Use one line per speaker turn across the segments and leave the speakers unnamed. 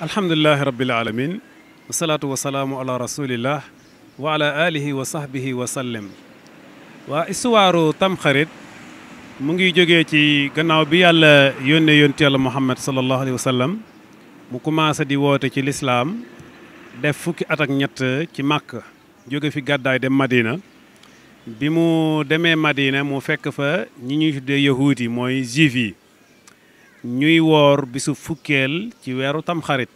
alhamdulilahi rabbil alamin wasalaatu wasalaamu ala rasulillah wa ala alihi wa sahbihi wa sallim waa istuwaaru tamxarit mu ngi jóge ci gannaaw bi yàlla yónnee yonti yàlla muhammad salallahu alayhi wa sallam mu commencé di woote ci lislaam def fukki at ak ñett ci màkk jóge fi gàddaay dem madina bi mu demee madina mu fekk fa ñi ñuy tuddee yahuud yi mooy juif yi ñuy woor bésu fukkeel ci weeru tamxarit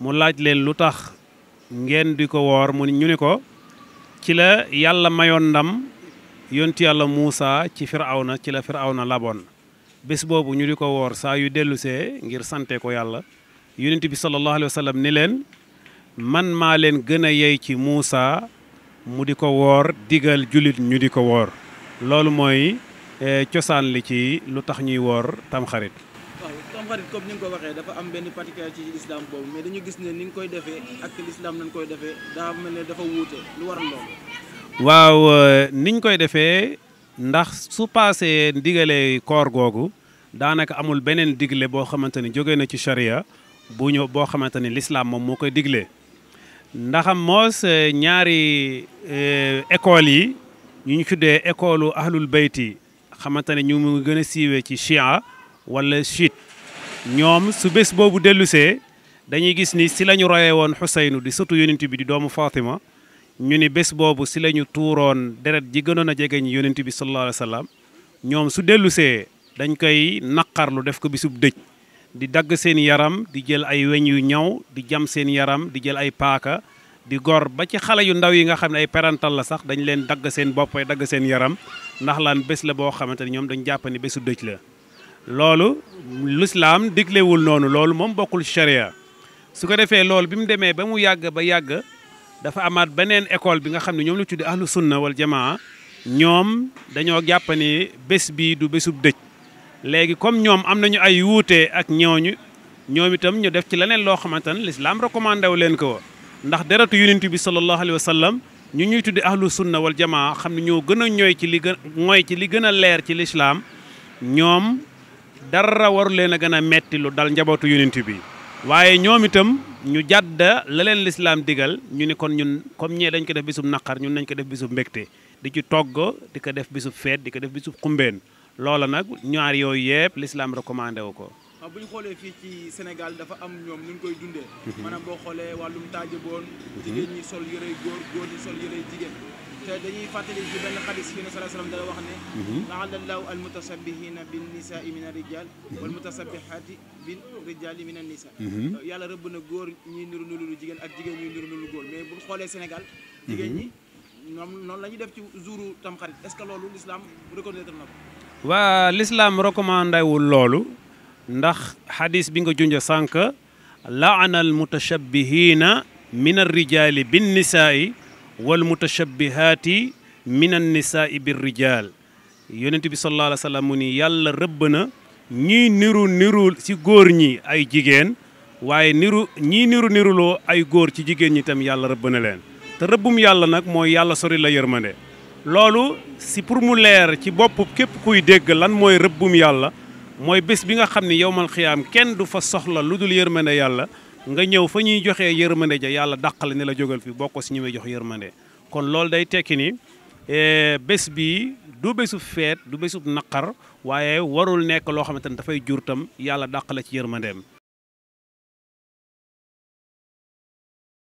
mu laaj leen lu tax ngeen di ko woor mu ñu ni ko ci la yàlla mayoon ndam yonti yàlla Muusa ci Firawna ci la Firawna laboon bés boobu ñu di ko woor saa yu dellusee ngir santee ko yàlla yonent bi sallallahu alayhi wa ni leen man maa leen gën a yey ci Muusa mu di ko woor digal jullit ñu di ko woor loolu mooy eh, cosaan li ci lu tax ñuy woor tamxarit
tamxarit comme ni nga ko waxee dafa am benn particularité ci islam boobu mais dañu gis ne ni nga koy defee ak l'islam nañ koy defee daa mel ne dafa wuute lu waral
loolu waaw euh, niñ koy defee ndax su paasee ndigalee koor googu daanaka amul beneen digle boo xamante ni jóge na ci charia bu ñu boo xamante ni l'islam moom moo koy diglee ndaxam moos euh, ñaari euh, écoles yi ñu tuddee école ahlul bayt yi xamante ne ñu mu gën a siiwee ci chia wala chiite ñoom su bés boobu dellusee dañuy gis ni si lañu ñu royee woon xuseynu di sëtu yonent bi di doomu Fatima ñu ni bés boobu si la ñu tuuroon deret ji gënoon a jegeñ yonent bi sallallahu alayhi wa sallam ñoom su dellusee dañ koy naqarlu def ko bisub dëj di dagg seen yaram di jël ay weñ yu ñaw di jam seen yaram di jël ay paaka di gor ba ci xale yu ndaw yi nga xam ne ay perantal la sax dañ leen dagg seen bopp dagg seen yaram ndax laan bés la boo xamante ni ñoom dañ jàpp ni bésu dëj la loolu lislaam diglewul noonu loolu moom bokkul sharia su ko defee loolu bi mu demee ba mu yàgg ba yàgg dafa amaat beneen école bi nga xam ne ñoom la tudde ahlu sunna wal jamaa ñoom dañoo jàpp ne bés bii du bésub dëj léegi comme ñoom am nañu ay wuute ak ñooñu ñoom itam ñu def ci leneen loo xamante ne lislaam recommandé wu leen ko ndax deretu yonent bi sallallahu alayhi wa sallam ñu ñuy tudde ahlu sunna wal jamaa xam ne ñoo gën a ñooy ci li mooy ci li gën a leer ci lislaam ñoom dara waru leen a gën a metti lu dal njabootu yonent bi waaye ñoom itam ñu jàdda la leen lislaam digal ñu ni kon ñun comme ñee dañ ko def bisub naqar ñun nañ ko def bisub mbégte di ci togg di ko def bisub feet di ko def bisub xumbeen loola nag ñaar yooyu yëpp lislaam recommandé wu ko
bu ñu xoolee fii ci senegal dafa am ñoom ñu koy dundee mhm. maanaam boo xoolee wàllum taajaboon mhm. jigéen ñi sol yëre góor góor ñi sol yëre jigéen te dañuy fàttali ci benn xadis yi ne salaa salaam dana wax ne laana allahu almutasabihina bin nisaai min arrijal wal mutasabihati bin góor ñuy nuru nululu jigéen ak jigéen ñuy nuru nululu góor mais bu xoolee Sénégal mhm. jigéen ñi ñoom noonu la ñuy def ci jouru tamxarit est-ce que loolu l'islam reconnaître na
ko waa l'islam recommandé ndax xadis bi nga junj sànq laana almutasabihina min arrijali bin nisaai wal mutashabbihaati minan ibir bir rijaal yonent bi sallallahu alayhi wa sallam mu ni yàlla rëbb na ñii niru niru ci góor ñi ay jigéen waaye niru ñii niru niruloo ay góor ci jigéen ñi tam yàlla rëbb na leen te rëbbum yàlla nag mooy yàlla sori la yërmande loolu si pour mu leer ci bopp képp kuy dégg lan mooy rëbbum yàlla mooy bés bi nga xam ne yowmal xiyaam kenn du fa soxla lu dul yërmande yàlla nga ñëw fa ñuy joxee yërmande ja yàlla dàqale ne la jógal fi bokk si ñu jox yërmande kon loolu day tekki ni eh, bés bi du bésu feet du bésu naqar waaye warul nekk loo xamante ne dafay jur tam yàlla la ci yërmandeem